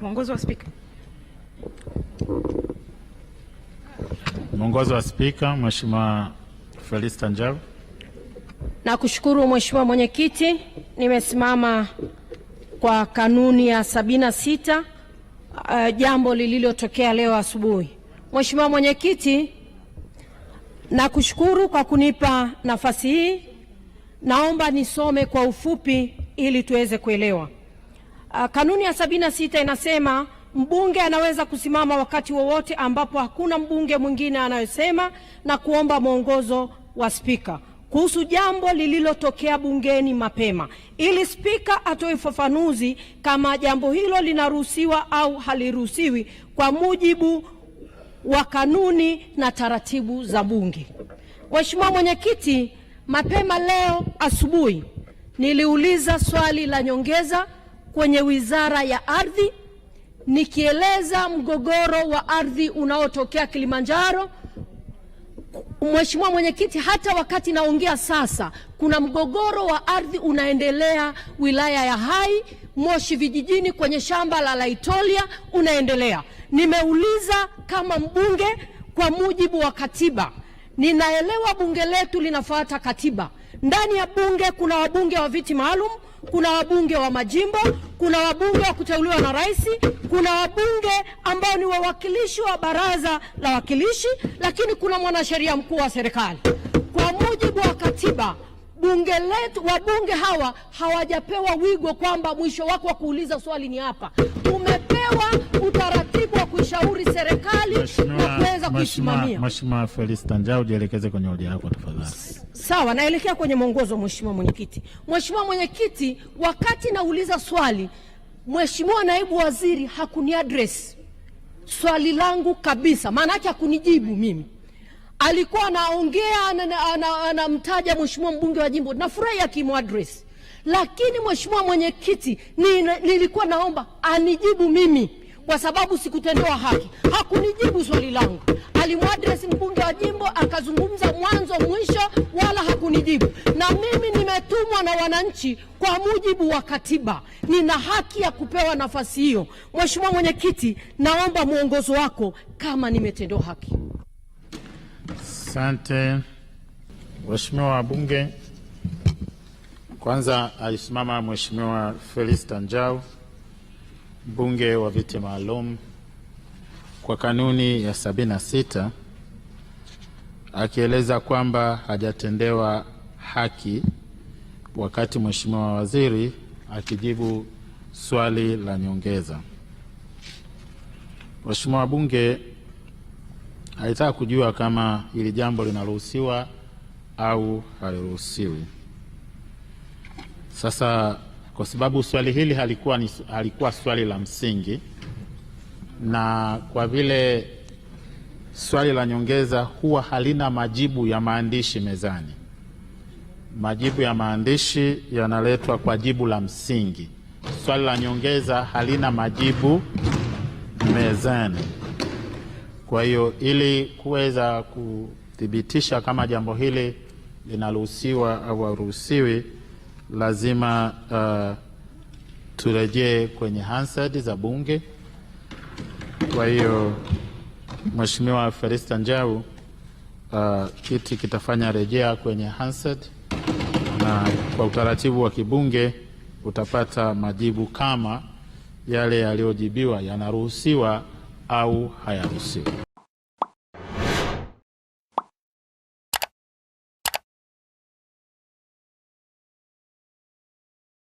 Mwongozo wa Spika. Mwongozo wa Spika, Mheshimiwa Felista Njau. Nakushukuru Mheshimiwa Mwenyekiti, nimesimama kwa kanuni ya sabini na sita uh, jambo lililotokea leo asubuhi. Mheshimiwa Mwenyekiti, nakushukuru kwa kunipa nafasi hii. Naomba nisome kwa ufupi ili tuweze kuelewa. Ah, kanuni ya sabini na sita inasema mbunge anaweza kusimama wakati wowote ambapo hakuna mbunge mwingine anayosema na kuomba mwongozo wa spika kuhusu jambo lililotokea bungeni mapema, ili spika atoe ufafanuzi kama jambo hilo linaruhusiwa au haliruhusiwi kwa mujibu wa kanuni na taratibu za Bunge. Mheshimiwa Mwenyekiti, mapema leo asubuhi niliuliza swali la nyongeza kwenye Wizara ya Ardhi nikieleza mgogoro wa ardhi unaotokea Kilimanjaro. Mheshimiwa Mwenyekiti, hata wakati naongea sasa kuna mgogoro wa ardhi unaendelea wilaya ya Hai, Moshi vijijini kwenye shamba la Laitolia unaendelea. Nimeuliza kama mbunge kwa mujibu wa katiba Ninaelewa bunge letu linafuata katiba. Ndani ya bunge kuna wabunge wa viti maalum, kuna wabunge wa majimbo, kuna wabunge wa kuteuliwa na rais, kuna wabunge ambao ni wawakilishi wa baraza la wakilishi, lakini kuna mwanasheria mkuu wa serikali. Kwa mujibu wa katiba, bunge letu, wabunge hawa hawajapewa wigo kwamba mwisho wako wa kuuliza swali ni hapa. Umepewa kuishauri serikali na kuweza kuisimamia. Mheshimiwa Felista Njau, jielekeze kwenye hoja yako tafadhali. Sawa, naelekea kwenye mwongozo. Mheshimiwa Mwenyekiti, Mheshimiwa Mwenyekiti, wakati nauliza swali Mheshimiwa Naibu Waziri hakuniadresi swali langu kabisa, maana yake hakunijibu mimi. Alikuwa anaongea anamtaja Mheshimiwa mbunge wa jimbo, nafurahi akimwadresi, lakini Mheshimiwa Mwenyekiti, nilikuwa naomba anijibu mimi kwa sababu sikutendewa haki. Hakunijibu swali langu, alimwadresi mbunge wa jimbo akazungumza mwanzo mwisho, wala hakunijibu. Na mimi nimetumwa na wananchi kwa mujibu wa katiba, nina haki ya kupewa nafasi hiyo. Mheshimiwa Mwenyekiti, naomba mwongozo wako kama nimetendewa haki. Asante Mheshimiwa wabunge. Kwanza alisimama Mheshimiwa Felista Njau mbunge wa viti maalum kwa kanuni ya 76 akieleza kwamba hajatendewa haki wakati mheshimiwa waziri akijibu swali la nyongeza. Mheshimiwa bunge alitaka kujua kama hili jambo linaruhusiwa au haliruhusiwi. Sasa kwa sababu swali hili halikuwa, ni, halikuwa swali la msingi, na kwa vile swali la nyongeza huwa halina majibu ya maandishi mezani. Majibu ya maandishi yanaletwa kwa jibu la msingi. Swali la nyongeza halina majibu mezani. Kwa hiyo ili kuweza kuthibitisha kama jambo hili linaruhusiwa au haruhusiwi lazima uh, turejee kwenye Hansard za Bunge. Kwa hiyo Mheshimiwa ferista Njau, uh, kiti kitafanya rejea kwenye Hansard na kwa utaratibu wa kibunge utapata majibu kama yale yaliyojibiwa yanaruhusiwa au hayaruhusiwi.